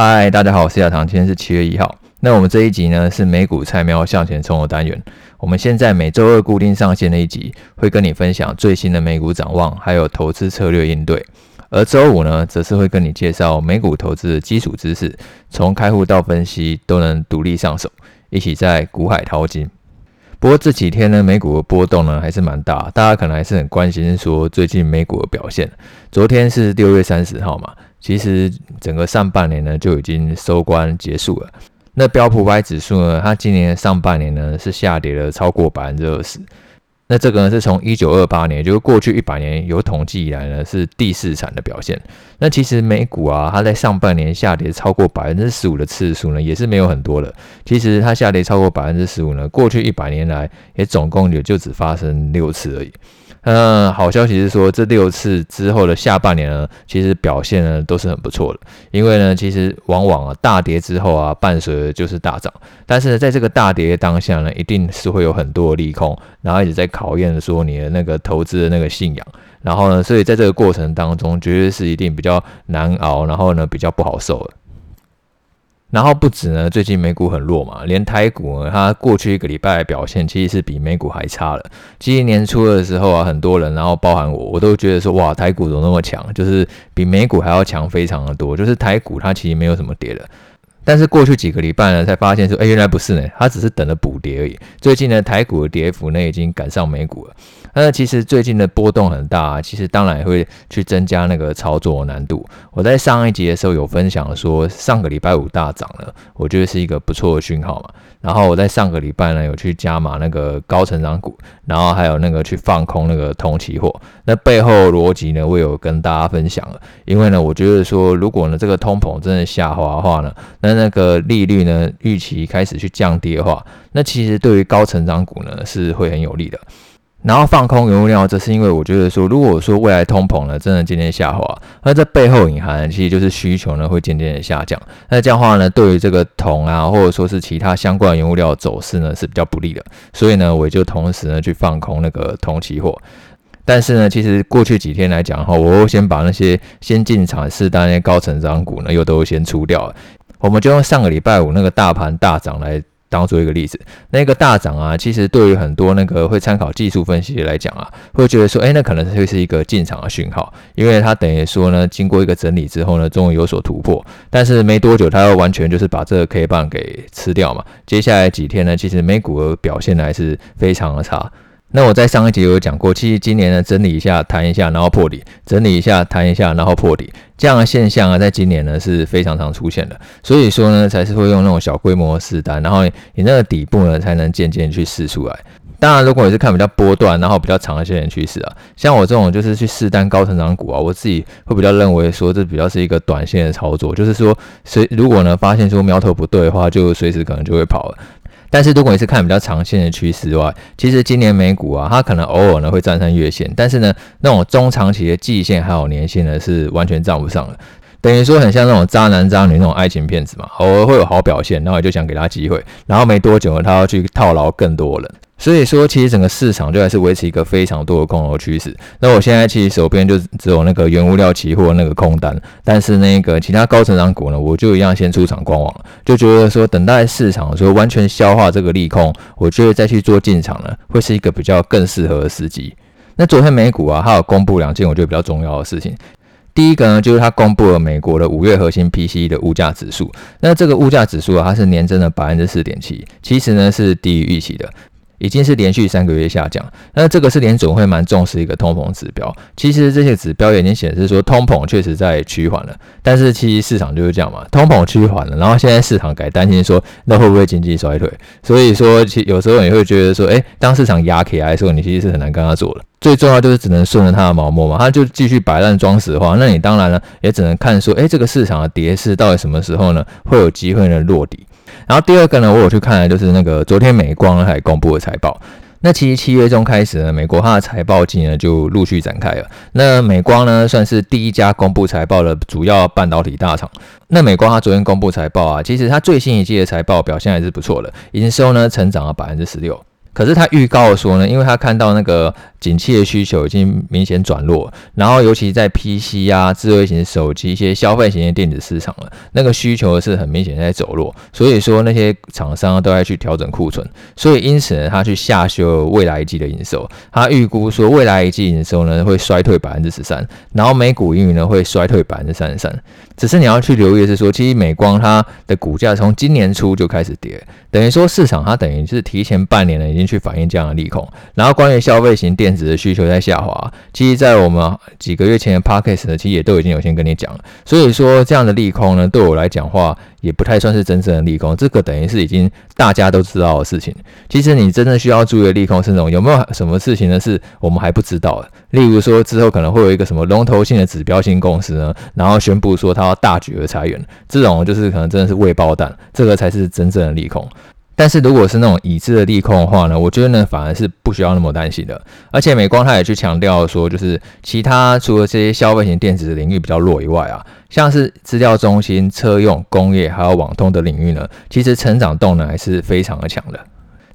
嗨，大家好，我是小唐，今天是七月一號。那我們這一集呢是美股菜喵向前衝的單元。我們現在每周二固定上線的一集，會跟你分享最新的美股展望，還有投資策略應對。而周五呢，則是會跟你介紹美股投資的基礎知識，從開戶到分析都能獨立上手，一起在股海淘金。不過這幾天呢，美股的波動呢還是蠻大，大家可能還是很關心說最近美股的表現。昨天是六月三十號嘛。其實整個上半年呢就已經收官結束了。那標普五百指數呢，它今年上半年呢是下跌了超過百分之二十。那這個呢，是從一九二八年，就是過去一百年有統計以來呢，是第四慘的表現。那其實美股啊，它在上半年下跌超過百分之十五的次數呢，也是沒有很多的。其實它下跌超過百分之十五呢，過去一百年來也總共也就只發生六次而已。嗯、呃，好消息是說，這六次之後的下半年呢，其實表現呢都是很不錯的。因為呢，其實往往啊大跌之後啊，伴隨的就是大漲。但是呢，在這個大跌當下呢，一定是會有很多的利空，然後一直在。討厭說你的那個投資的那個信仰，然後呢，所以在這個過程當中絕對是一定比較難熬，然後呢比較不好受的。然後不止呢，最近美股很弱嘛，連台股呢它過去一個禮拜的表現，其實是比美股還差了。其實年初的時候啊，很多人然後包含我，我都覺得說哇，台股怎麼那麼強，就是比美股還要強非常的多，就是台股它其實沒有什麼跌的。但是過去幾個禮拜呢，才發現說，哎、欸，原來不是呢，它只是等着補跌而已。最近呢，台股的跌幅呢已經趕上美股了。那其實最近的波動很大，啊，其實當然也會去增加那個操作難度。我在上一集的時候有分享說，上個禮拜五大漲了，我覺得是一個不錯的訊號嘛。然後我在上個禮拜呢有去加碼那個高成長股，然後還有那個去放空那個通期貨。那背後邏輯呢，我有跟大家分享了。因為呢，我覺得說，如果呢這個通膨真的下滑的話呢，那那個利率呢預期開始去降低的話，那其實對於高成長股呢是會很有利的。然後放空原物料，這是因為我覺得說，如果我說未來通膨呢真的漸漸下滑，那這背後隱含其實就是需求呢會漸漸的下降。那這樣的話呢，對於這個銅啊，或者說是其他相關的原物料的走勢呢是比較不利的。所以呢，我也就同時呢去放空那個銅期貨。但是呢，其實過去幾天來講的話，我又先把那些先進場當那些高成長股呢又都會先出掉了。我們就用上個禮拜五那個大盤大漲來當做一個例子，那個大漲啊，其實對於很多那個會參考技術分析來講啊，會覺得說，哎，那可能會是一個進場的訊號，因為它等於說呢，經過一個整理之後呢，終於有所突破，但是沒多久它又完全就是把這個 K 棒給吃掉嘛。接下來幾天呢，其實美股的表現還是非常的差。那我在上一集有講過，其實今年呢，整理一下彈一下，然後破底；整理一下彈一下，然後破底，這樣的現象啊，在今年呢是非常常出現的。所以說呢，才是會用那種小規模的試單，然後你，你那個底部呢，才能漸漸去試出來。當然，如果你是看比較波段，然後比較長線的趨勢啊，像我這種就是去試單高成長股啊，我自己會比較認為說，這比較是一個短線的操作，就是說，如果呢發現說苗頭不對的話，就隨時可能就會跑了。但是，如果你是看比較長線的趨勢的話，其實今年美股啊，它可能偶爾呢會站上月線，但是呢，那種中長期的季線還有年線呢，是完全站不上的。等於說很像那種渣男渣女那種愛情騙子嘛，偶爾會有好表現，然後我就想給他機會，然後沒多久了他要去套牢更多人，所以說其實整個市場就還是維持一個非常多的空頭趨勢。那我現在其實手邊就只有那個原物料期貨那個空單，但是那個其他高成長股呢，我就一樣先出場觀望，就覺得說等待市場的時候完全消化這個利空，我覺得再去做進場呢，會是一個比較更適合的時機。那昨天美股啊，它有公布兩件我覺得比較重要的事情。第一個呢，就是它公布了美國的五月核心 PCE 的物價指數，那這個物價指數啊，它是年增了百分之四點七，其實呢是低於預期的。已經是連續三個月下降，那這個是連總會蠻重視一個通膨指標。其實這些指標也已經顯示說通膨確實在趨緩了，但是其實市場就是這樣嘛，通膨趨緩了，然後現在市場改擔心說那會不會經濟衰退？所以說其有時候你會覺得說，哎，當市場壓 K I 的時候，你其實是很難跟他做了。最重要就是只能順着他的毛毛嘛，他就繼續擺爛裝死話，那你當然呢也只能看說，哎，這個市場的跌勢到底什麼時候呢？會有機會呢落地？然後第二個呢，我有去看的就是那個昨天美光，還公布了財報。那其實七月中開始呢，美國它的財報季呢就陸續展開了。那美光呢算是第一家公布財報的主要半導體大廠。那美光它昨天公布財報啊，其實它最新一季的財報表現還是不錯的，營收呢成長了百分之十六。可是它預告說呢，因為它看到那個。景氣的需求已經明顯轉弱，然後尤其在 PC 啊、智慧型手機一些消費型的電子市場了，那個需求是很明顯在走弱，所以說那些廠商都在去調整庫存，所以因此呢，他去下修未來一季的營收，他預估說未來一季營收呢會衰退百分之十三，然後每股盈餘呢會衰退百分之三十三。只是你要去留意的是說，其實美光它的股價從今年初就開始跌，等於說市場它等於是提前半年呢已經去反映這樣的利空，然後關於消費型電。電子的需求在下滑，其實，在我們幾個月前的 podcast 呢，其實也都已經有先跟你講了。所以說，這樣的利空呢，對我來講話也不太算是真正的利空，這個等於是已經大家都知道的事情。其實，你真正需要注意的利空是那種有沒有什麼事情呢？是我們還不知道的，例如說之後可能會有一個什麼龍頭性的指標性公司呢，然後宣布說它要大舉的裁員，這種就是可能真的是未爆彈，這個才是真正的利空。但是如果是那種已知的利空的話呢，我覺得呢反而是不需要那麼擔心的。而且美光他也去強調說，就是其他除了這些消費型電子的領域比較弱以外啊，像是資料中心、車用、工業還有網通的領域呢，其實成長動能還是非常的強的。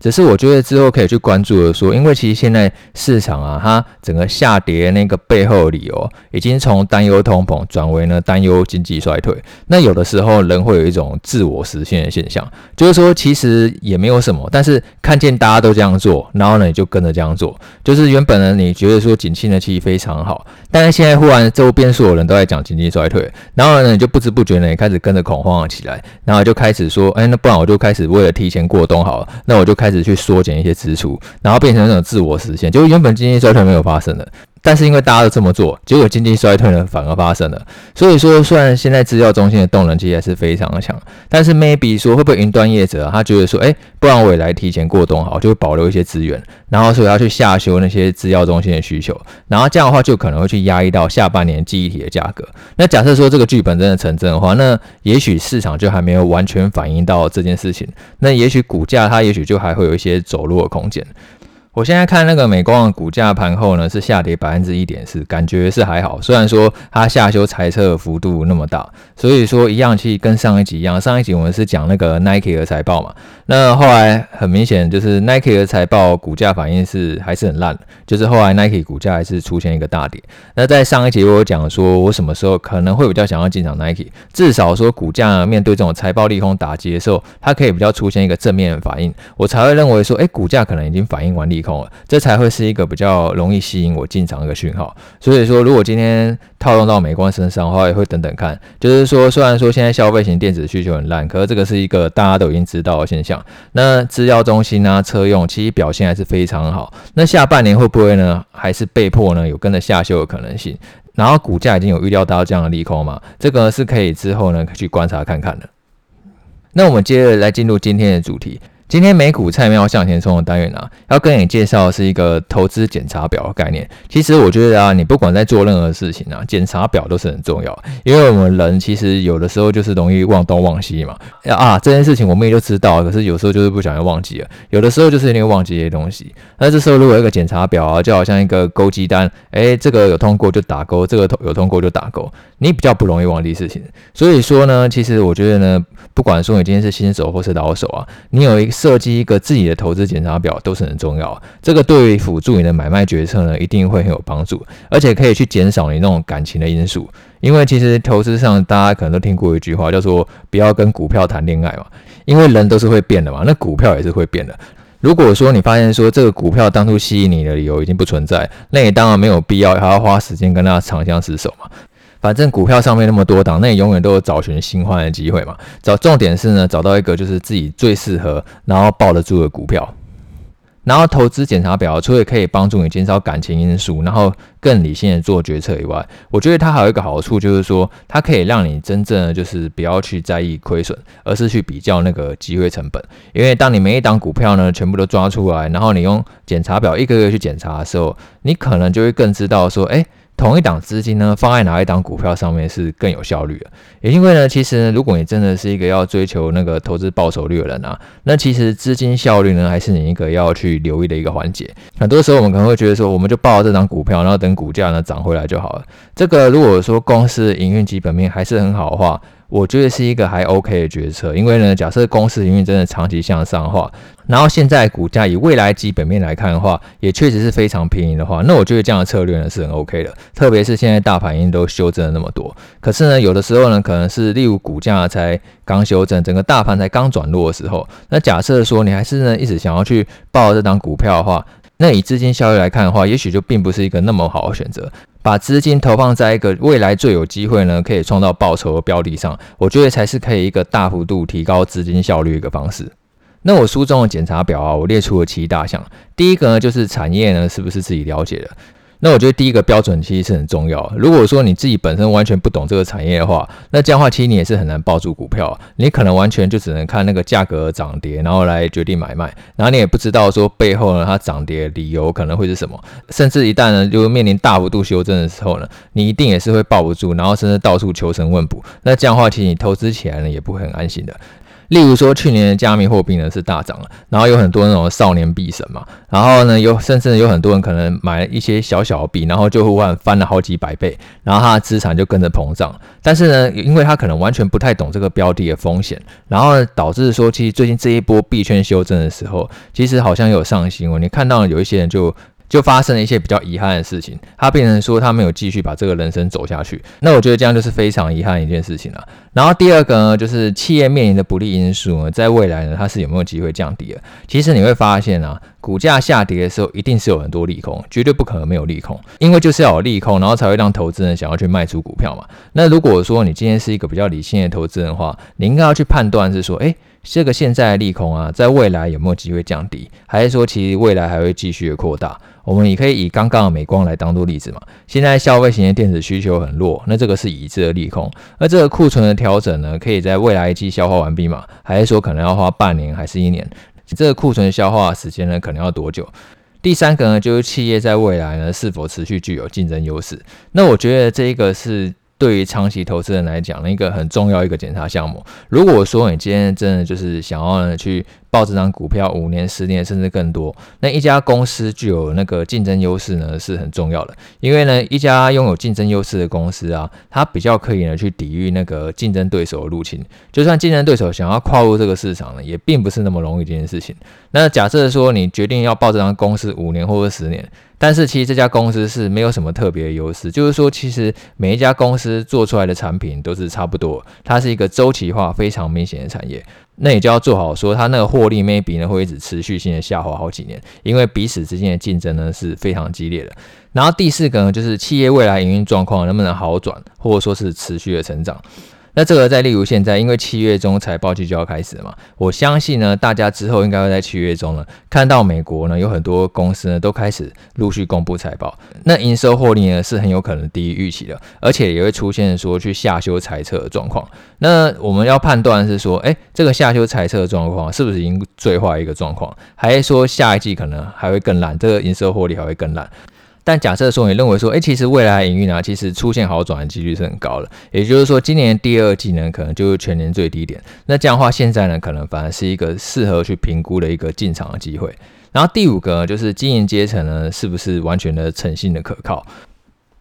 只是我覺得之後可以去關注的說，因為其實現在市場啊，它整個下跌那個背後理由，已經從擔憂通膨轉為呢擔憂經濟衰退。那有的時候人會有一種自我實現的現象，就是說其實也沒有什麼，但是看見大家都這樣做，然後呢你就跟着這樣做。就是原本呢你覺得說景氣呢其實非常好，但是現在忽然周邊所有人都在講經濟衰退，然後呢你就不知不覺呢也開始跟着恐慌了起來，然後就開始說，哎，欸，那不然我就開始為了提前過冬好了，那我就開始。只去縮減一些支出，然後變成那種自我實現，就原本經濟衰退沒有發生的。但是因為大家都這麼做，結果經濟衰退呢反而發生了。所以說，雖然現在資料中心的動能其實還是非常的強，但是 maybe 說會不會雲端業者、啊、他覺得說，誒、欸，不然我也來提前過冬好，就會保留一些資源，然後所以要去下修那些資料中心的需求，然後這樣的話就可能會去壓抑到下半年記憶體的價格。那假設說這個劇本真的成真的，的話，那也許市場就還沒有完全反映到這件事情，那也許股價它也許就還會有一些走路的空間。我現在看那個美光的股價盤後呢，是下跌百分之一點四，感覺是還好。雖然說它下修財測幅度那麼大，所以說一樣去跟上一集一樣。上一集我們是講那個 Nike 的財報嘛，那後來很明顯就是 Nike 的財報股價反應是還是很爛，就是後來 Nike 股價還是出現一個大跌。那在上一集我有講說我什麼時候可能會比較想要進場 Nike，至少說股價面對這種財報利空打擊的時候，它可以比較出現一個正面的反應，我才會認為說，哎、欸，股價可能已經反應完畢。利空了，這才會是一個比較容易吸引我進場的一個訊號，所以說如果今天套用到美光身上的話，也會等等看。就是說，雖然說現在消費型電子需求很爛，可是這個是一個大家都已經知道的現象。那資料中心啊，車用其實表現還是非常好。那下半年會不會呢？還是被迫呢？有跟着下修的可能性？然後股價已經有預料到這樣的利空嘛？這個是可以之後呢去觀察看看的。那我們接着來進入今天的主題。今天美股菜喵向前衝的單元啊，要跟你介紹的是一個投資檢查表的概念。其實我覺得啊，你不管在做任何事情啊，檢查表都是很重要。因為我們人其實有的時候就是容易忘東忘西嘛。啊，啊這件事情我們也就知道了，可是有時候就是不小心忘記了。有的時候就是因為忘記一些東西。那這時候如果有一個檢查表啊，就好像一個勾稽單，誒、欸，這個有通過就打勾，這個通有通過就打勾，你比較不容易忘記事情。所以說呢，其實我覺得呢，不管說你今天是新手或是老手啊，你有一個。設計一個自己的投資檢查表都是很重要，這個對於輔助你的買賣決策呢，一定會很有幫助，而且可以去減少你那種感情的因素。因為其實投資上，大家可能都聽過一句話，叫做“不要跟股票談戀愛”嘛，因為人都是會變的嘛，那股票也是會變的。如果說你發現說這個股票當初吸引你的理由已經不存在，那你當然沒有必要還要花時間跟他長相廝守嘛。反正股票上面那麼多檔，那你永遠都有找尋新歡的機會嘛。找重點是呢，找到一個就是自己最適合，然後抱得住的股票。然後投資檢查表，除了可以幫助你減少感情因素，然後更理性的做決策以外，我覺得它還有一個好處，就是說它可以讓你真正的就是不要去在意虧損，而是去比較那個機會成本。因為當你每一檔股票呢全部都抓出來，然後你用檢查表一個個去檢查的時候，你可能就會更知道說，哎。同一檔資金呢，放在哪一檔股票上面是更有效率的。也因為呢，其實呢，如果你真的是一個要追求那個投資報酬率的人啊，那其實資金效率呢，還是你一個要去留意的一個環節。很多時候我們可能會覺得說，我們就抱了這張股票，然後等股價呢漲回來就好了。這個如果說公司營運基本面還是很好的話，我覺得是一個還 OK 的決策，因為呢，假設公司營運真的長期向上的話，然後現在股價以未來基本面來看的話，也確實是非常便宜的話，那我覺得這樣的策略呢是很 OK 的。特別是現在大盤已經都修正了那麼多，可是呢，有的時候呢，可能是例如股價才剛修正，整個大盤才剛轉弱的時候，那假設說你還是呢一直想要去抱這檔股票的話，那以資金效益來看的話，也許就並不是一個那麼好的選擇。把資金投放在一個未來最有機會呢，可以創造報酬的標的上，我覺得才是可以一個大幅度提高資金效率一個方式。那我書中的檢查表啊，我列出了七大項。第一個呢，就是產業呢，是不是自己了解的？那我覺得第一個標準其實是很重要。如果說你自己本身完全不懂這個產業的話，那這樣話其實你也是很難抱住股票。你可能完全就只能看那個價格漲跌，然後來決定買賣，然後你也不知道說背後呢，它漲跌的理由可能會是什麼。甚至一旦呢就面臨大幅度修正的時候呢，你一定也是會抱不住，然後甚至到處求神問卜。那這樣話其實你投資起來呢也不會很安心的。例如說，去年的加密貨幣呢是大漲了，然後有很多那種少年幣神嘛，然後呢有甚至有很多人可能買了一些小小幣，然後就突然翻了好幾百倍，然後他的資產就跟着膨脹。但是呢，因為他可能完全不太懂這個標的的風險，然後呢導致說，其實最近這一波幣圈修正的時候，其實好像有上新聞哦。你看到有一些人就。就發生了一些比較遺憾的事情，他變成說他沒有繼續把這個人生走下去，那我覺得這樣就是非常遺憾的一件事情了啊。然後第二個呢，就是企業面臨的不利因素呢，在未來呢，它是有沒有機會降低的？其實你會發現啊，股價下跌的時候，一定是有很多利空，絕對不可能沒有利空，因為就是要有利空，然後才會讓投資人想要去賣出股票嘛。那如果說你今天是一個比較理性的投資人的話，你應該要去判斷是說，誒，這個現在的利空啊，在未來有沒有機會降低，還是說其實未來還會繼續擴大？我們也可以以剛剛的美光來當做例子嘛。現在消費型的電子需求很弱，那這個是已知的利空。而這個庫存的調整呢，可以在未來一季消化完畢嘛？還是說可能要花半年還是一年？這個庫存消化時間呢，可能要多久？第三個呢，就是企業在未來呢，是否持續具有競爭優勢？那我覺得這一個是對於長期投資人來講一個很重要一個檢查項目。如果說你今天真的就是想要呢去報這張股票五年、十年甚至更多，那一家公司具有那個競爭優勢呢是很重要的，因為呢，一家擁有競爭優勢的公司啊，它比較可以呢去抵禦那個競爭對手的入侵。就算競爭對手想要跨入這個市場呢，也並不是那麼容易一件事情。那假設說你決定要抱這張公司五年或者十年，但是其實這家公司是沒有什麼特別的優勢，就是說其實每一家公司做出來的產品都是差不多，它是一個週期化非常明顯的產業。那你就要做好，說，它那個獲利 maybe 呢會一直持續性的下滑好幾年，因為彼此之間的競爭呢是非常激烈的。然後第四個呢就是企業未來營運狀況能不能好轉，或者說是持續的成長。那這個再例如現在，因為七月中財報季就要開始嘛，我相信呢，大家之後應該會在七月中呢看到美國呢有很多公司呢都開始陸續公布財報。那營收獲利呢是很有可能低於預期的，而且也會出現說去下修財測的狀況。那我們要判斷是說，哎、欸，這個下修財測的狀況是不是已經最壞一個狀況，還是說下一季可能還會更爛，這個營收獲利還會更爛？但假設說你認為說，誒、欸，其實未來營運啊，其實出現好轉的幾率是很高的。也就是說，今年第二季呢，可能就是全年最低點。那這樣的話，現在呢，可能反而是一個適合去評估的一個進場的機會。然後第五個呢，就是經營階層呢，是不是完全的誠信的可靠？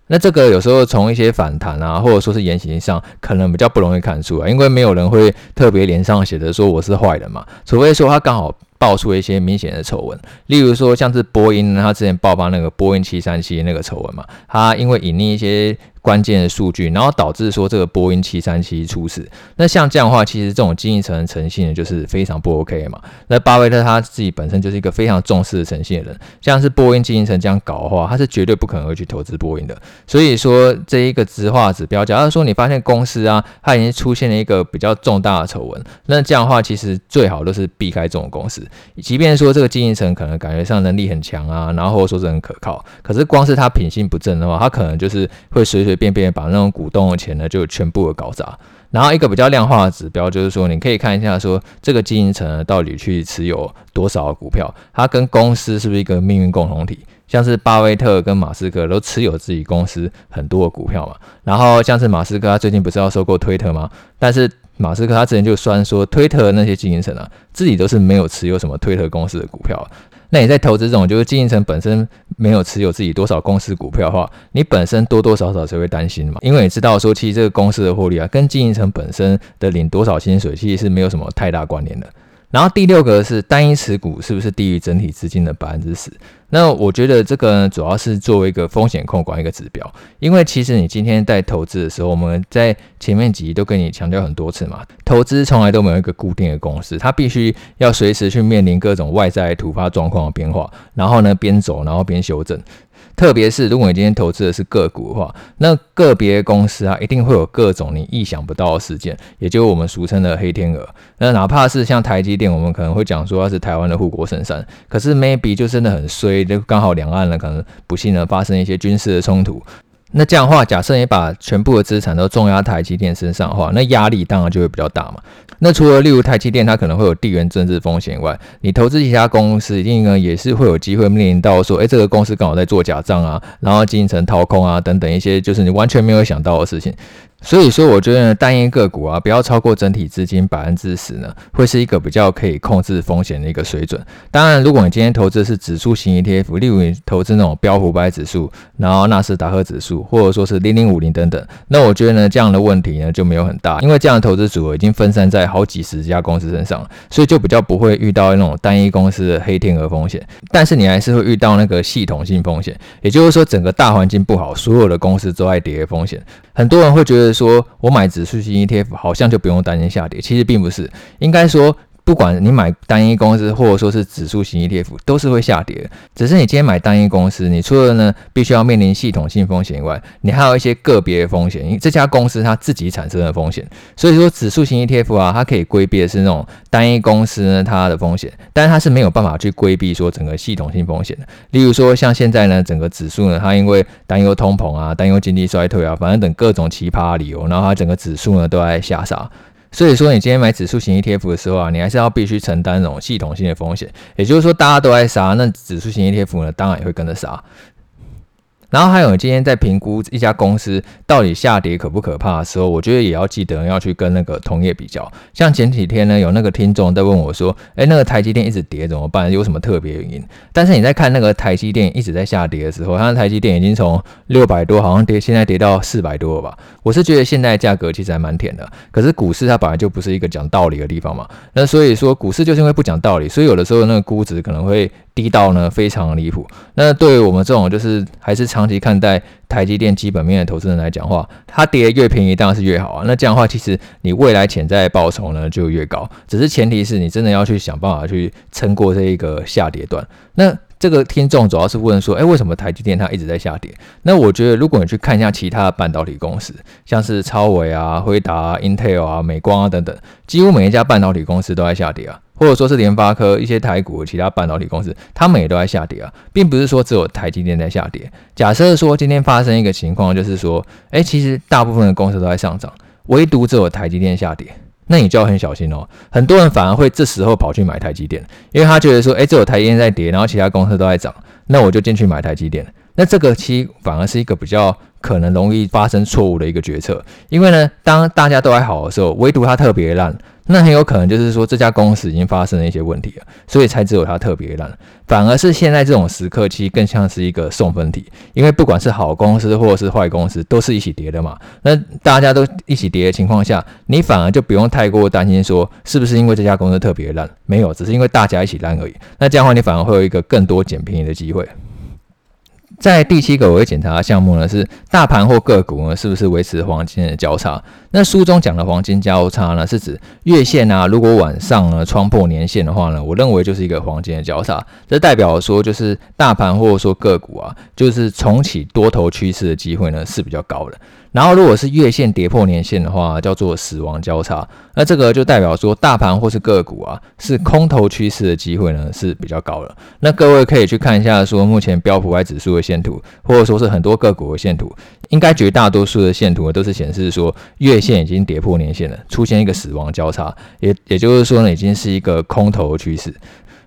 那這個有時候從一些反彈啊，或者說是言行上，可能比較不容易看出啊，因為沒有人會特別臉上寫著說我是壞人嘛，除非說他剛好。爆出一些明顯的醜聞，例如說像是波音，他之前爆發那個波音七三七那個醜聞嘛，他因為隱匿一些。關鍵的數據，然後導致說這個波音七三七出事。那像這樣的話，其實這種經營層的誠信就是非常不 OK 嘛。那巴菲特他自己本身就是一個非常重視的誠信的人，像是波音經營層這樣搞的話，他是絕對不可能會去投資波音的。所以說這一個質化指標，假如說你發現公司啊，它已經出現了一個比較重大的醜聞，那這樣的話，其實最好都是避開這種公司。即便說這個經營層可能感覺上能力很強啊，然後或者說是很可靠，可是光是他品性不正的話，他可能就是會隨隨。隨便便把那種股東的錢呢，就全部搞砸。然後一個比較量化的指標，就是說你可以看一下說，說這個經營層到底去持有多少股票，它跟公司是不是一個命運共同體？像是巴菲特跟馬斯克都持有自己公司很多的股票嘛。然後像是馬斯克，他最近不是要收購推特嗎？但是。馬斯克他之前就算說，推特那些經營層啊，自己都是沒有持有什麼推特公司的股票。那你在投資這種，就是經營層本身沒有持有自己多少公司股票的話，你本身多多少少才會擔心嘛？因為你知道說，其實這個公司的獲利啊，跟經營層本身的領多少薪水，其實是沒有什麼太大關聯的。然後第六個是單一持股是不是低於整體資金的百分之十？那我覺得這個呢，主要是作為一個風險控管一個指標，因為其實你今天在投資的時候，我們在前面幾集都跟你強調很多次嘛，投資從來都沒有一個固定的公式，它必須要隨時去面臨各種外在突發狀況的變化，然後呢邊走然後邊修正。特別是如果你今天投資的是個股的話，那個別公司啊，一定會有各種你意想不到的事件，也就是我們俗稱的黑天鵝。那哪怕是像台積電，我們可能會講說它是台灣的護國神山，可是 maybe 就真的很衰，就剛好兩岸呢可能不幸呢發生一些軍事的衝突。那這樣的話，假設你把全部的資產都重壓台積電身上的話，那壓力當然就會比較大嘛。那除了例如台積電，它可能會有地緣政治風險以外，你投資其他公司，一定呢也是會有機會面臨到說，誒，欸，這個公司剛好在做假賬啊，然後進行掏空啊，等等一些就是你完全沒有想到的事情。所以說，我覺得單一個股啊，不要超過整體資金百分之十呢，會是一個比較可以控制風險的一個水準。當然，如果你今天投資是指數型 ETF，例如你投資那種標普五百指數，然後納斯達克指數，或者說是零零五零等等，那我覺得呢，這樣的問題呢就沒有很大，因為這樣的投資組合已經分散在好幾十家公司身上了，所以就比較不會遇到那種單一公司的黑天鵝風險。但是你還是會遇到那個系統性風險，也就是說整個大環境不好，所有的公司都在跌風險。很多人會覺得。就是、說我買指數型 ETF 好像就不用擔心下跌，其實並不是，應該說。不管你買單一公司，或者說是指數型 ETF，都是會下跌的。只是你今天買單一公司，你除了呢，必須要面臨系統性風險以外，你還有一些個別風險，因為這家公司它自己產生的風險。所以說，指數型 ETF 啊，它可以規避的是那種單一公司呢，它的風險，但是它是沒有辦法去規避說整個系統性風險的。例如說，像現在呢，整個指數呢，它因為擔憂通膨啊，擔憂經濟衰退啊，反正等各種奇葩理由，然後它整個指數呢都在下殺。所以說，你今天買指數型 ETF 的時候啊，你還是要必須承擔這種系統性的風險。也就是說，大家都愛殺，那指數型 ETF 呢，當然也會跟着殺。然後還有，今天在評估一家公司到底下跌可不可怕的時候，我覺得也要記得要去跟那個同業比較。像前幾天呢，有那個聽眾在問我說：“哎，那個台積電一直跌怎麼辦？有什麼特別原因？”但是你在看那個台積電一直在下跌的時候，它的台積電已經從六百多好像跌，現在跌到四百多了吧。我是覺得現在價格其實還蠻甜的。可是股市它本來就不是一個講道理的地方嘛。那所以說，股市就是因為不講道理，所以有的時候那個估值可能會。低到呢非常離譜，那對於我們這種就是還是長期看待台積電基本面的投資人來講的話，它跌越便宜當然是越好啊。那這樣的話，其實你未來潛在報酬呢就越高，只是前提是你真的要去想辦法去撐過這一個下跌段。那這個聽眾主要是問說，哎、欸，為什麼台積電它一直在下跌？那我覺得如果你去看一下其他的半導體公司，像是超微啊、輝達啊、Intel 啊、美光啊等等，幾乎每一家半導體公司都在下跌啊。或者說是聯發科，一些台股，其他半導體公司，他們也都在下跌啊，並不是說只有台積電在下跌。假設說今天發生一個情況，就是說，哎，其實大部分的公司都在上漲，唯獨只有台積電下跌，那你就要很小心哦。很多人反而會這時候跑去買台積電，因為他覺得說，哎，只有台積電在跌，然後其他公司都在漲，那我就進去買台積電。那這個其實反而是一個比較可能容易發生錯誤的一個決策，因為呢，當大家都還好的時候，唯獨它特別爛。那很有可能就是說，這家公司已經發生了一些問題了，所以才只有它特別爛。反而是現在這種時刻，其實更像是一個送分題，因為不管是好公司或者是壞公司，都是一起跌的嘛。那大家都一起跌的情況下，你反而就不用太過擔心說是不是因為這家公司特別爛，沒有，只是因為大家一起爛而已。那這樣的話，你反而會有一個更多撿便宜的機會。在第七個我會檢查的項目呢，是大盤或個股呢，是不是維持黃金的交叉？那書中講的黃金交叉呢，是指月線啊，如果晚上呢穿破年線的話呢，我認為就是一個黃金的交叉。這代表說，就是大盤或者說個股啊，就是重啟多頭趨勢的機會呢是比較高的。然後，如果是月線跌破年線的話，叫做死亡交叉。那這個就代表說，大盤或是個股啊，是空頭趨勢的機會呢，是比較高了。那各位可以去看一下，說目前標普五百指數的線圖，或者說是很多個股的線圖，應該絕大多數的線圖都是顯示說，月線已經跌破年線了，出現一個死亡交叉，也也就是說呢，已經是一個空頭趨勢。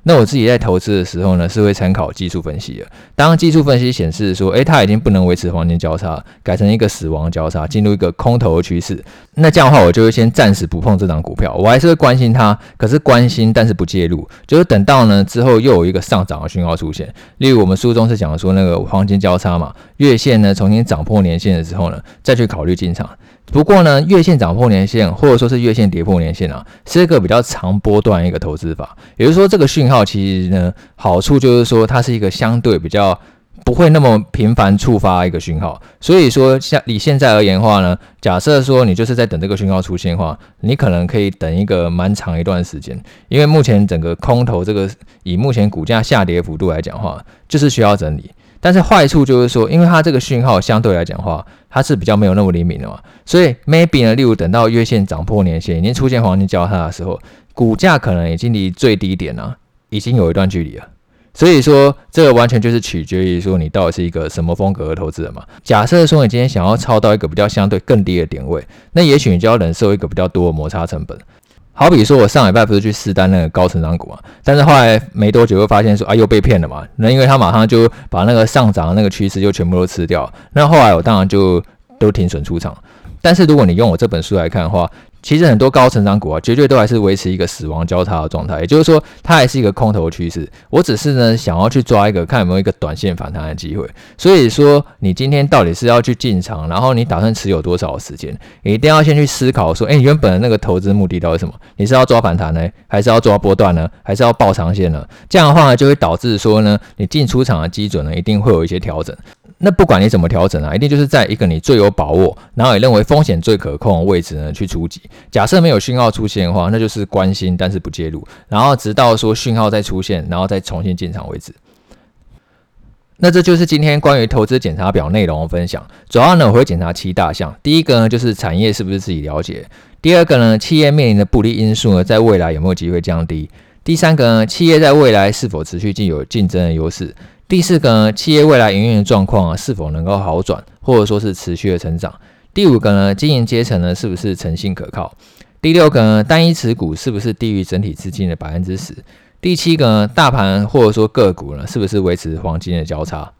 那我自己在投資的時候呢，是會參考技術分析的。當技術分析顯示說，誒，它已經不能維持黃金交叉，改成一個死亡交叉，進入一個空頭趨勢，那這樣的話，我就會先暫時不碰這檔股票，我還是會關心它，可是關心但是不介入，就是等到呢之後又有一個上漲的訊號出現，例如我們書中是講說那個黃金交叉嘛，月線呢重新漲破年線的時候呢，再去考慮進場。不過呢，月線漲破年線，或者說是月線跌破年線啊，是一個比較長波段一個投資法。也就是說，這個訊號其實呢，好處就是說，它是一個相對比較不會那麼頻繁觸發一個訊號。所以說，像以現在而言的話呢，假設說你就是在等這個訊號出現的話，你可能可以等一個蠻長一段時間，因為目前整個空頭這個以目前股價下跌幅度來講的話，就是需要整理。但是壞處就是說，因為它這個訊號相對來講的話，它是比較沒有那麼靈敏的嘛。所以 maybe 呢，例如等到月線漲破年線，已經出現黃金交叉的時候，股價可能已經離最低點了，啊，已經有一段距離了。所以說，這個完全就是取決於說你到底是一個什麼風格的投資人嘛。假設說你今天想要抄到一個比較相對更低的點位，那也許你就要忍受一個比較多的摩擦成本。好比說，我上禮拜不是去試單那個高成長股嘛，但是後來沒多久又發現說，啊，又被騙了嘛。那因為他馬上就把那個上漲的那個趨勢就全部都吃掉，那後來我當然就都停損出場。但是如果你用我這本書來看的話，其實很多高成長股啊，絕對都還是維持一個死亡交叉的狀態，也就是說它還是一個空頭趨勢。我只是呢想要去抓一個，看有沒有一個短線反彈的機會。所以說你今天到底是要去進場，然後你打算持有多少時間，你一定要先去思考說，誒、欸，你原本的那個投資目的到底是什麼？你是要抓反彈呢，還是要抓波段呢，還是要抱長線呢？這樣的話呢，就會導致說呢，你進出場的基準呢，一定會有一些調整。那不管你怎麼調整啊，一定就是在一個你最有把握，然後也認為風險最可控的位置呢，去出擊。假設沒有訊號出現的話，那就是關心，但是不介入，然後直到說訊號再出現，然後再重新進場為止。那這就是今天關於投資檢查表內容的分享。主要呢，我會檢查七大項，第一個呢就是產業是不是自己了解，第二個呢，企業面臨的不利因素呢在未來有沒有機會降低，第三個呢，企業在未來是否持續具有競爭的優勢。第四個呢，企業未來營運狀況是否能夠好轉，或者說是持續的成長？第五個呢，經營階層呢，是不是誠信可靠？第六個呢，單一持股是不是低於整體資金的百分之十？第七個呢，大盤或者說個股呢，是不是維持黃金的交叉？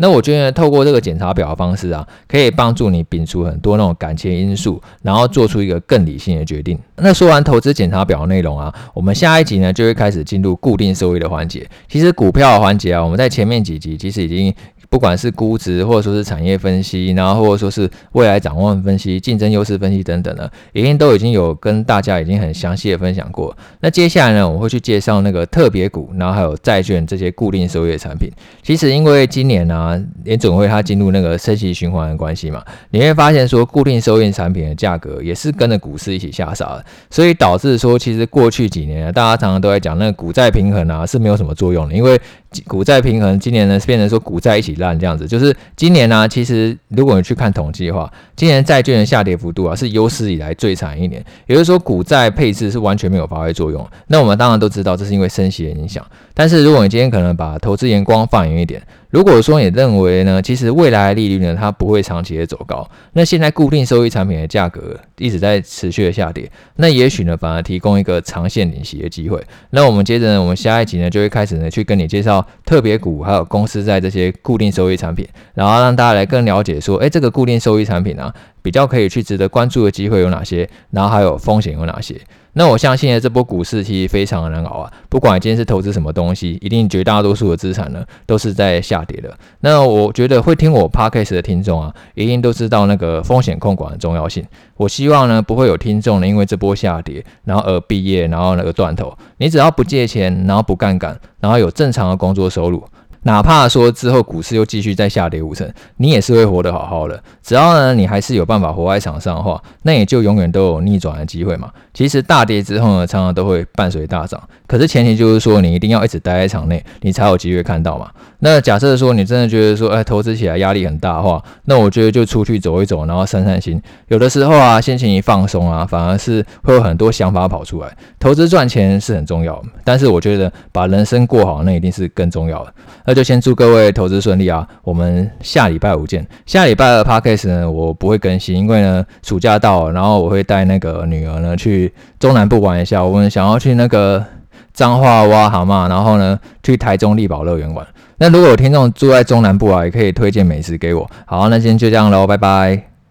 那我覺得透過這個檢查表的方式啊，可以幫助你摒除很多那種感情因素，然後做出一個更理性的決定。那說完投資檢查表的內容啊，我們下一集呢就會開始進入固定收益的環節。其實股票的環節啊，我們在前面幾集其實已經。不管是估值，或者說是產業分析，然後或者說是未來展望分析、競爭優勢分析等等呢，已經都已經有跟大家已經很詳細的分享過。那接下來呢，我會去介紹那個特別股，然後還有債券這些固定收益的產品。其實因為今年呢、啊，聯準會它進入那個升息循環的關係嘛，你會發現說固定收益產品的價格也是跟着股市一起下殺，所以導致說其實過去幾年大家常常都在講那個股債平衡啊，是沒有什麼作用的，因為。股債平衡今年呢變成說股債一起爛這樣子，就是今年呢、啊，其實如果你去看統計的話，今年債券的下跌幅度啊是有史以來最慘一年，也就是說股債配置是完全沒有發揮作用。那我們當然都知道這是因為升息的影響，但是如果你今天可能把投資眼光放遠一點。如果說你認為呢，其實未來的利率呢，它不會長期的走高，那現在固定收益產品的價格一直在持續的下跌，那也許呢，反而提供一個長線領息的機會。那我們接着呢，我們下一集呢，就會開始呢，去跟你介紹特別股，還有公司債這些固定收益產品，然後讓大家來更了解說，哎，這個固定收益產品呢、啊，比較可以去值得關注的機會有哪些，然後還有風險有哪些。那我相信這波股市其實非常難熬啊！不管今天是投資什麼東西，一定絕大多數的資產呢，都是在下跌的。那我覺得會聽我 podcast 的聽眾啊，一定都知道那個風險控管的重要性。我希望呢，不會有聽眾呢，因為這波下跌，然後而畢業，然後那個斷頭。你只要不借錢，然後不槓桿，然後有正常的工作收入。哪怕說之後股市又繼續再下跌五成，你也是會活得好好的。只要呢你還是有辦法活在場上的話，那你就永遠都有逆轉的機會嘛。其實大跌之後呢，常常都會伴隨大漲，可是前提就是說你一定要一直待在場內，你才有機會看到嘛。那假設說你真的覺得說，哎、欸，投資起來壓力很大的話，那我覺得就出去走一走，然後散散心。有的時候啊，心情一放鬆啊，反而是會有很多想法跑出來。投資賺錢是很重要的，但是我覺得把人生過好，那一定是更重要的。那就先祝各位投資順利啊！我們下禮拜五見。下禮拜二 podcast 呢，我不會更新，因為呢，暑假到了，然後我會帶那個女兒呢去中南部玩一下。我們想要去那個彰化挖蛤蟆，然後呢去台中麗寶樂園玩。那如果有聽眾住在中南部啊，也可以推薦美食給我。好，那今天就這樣嘍，拜拜。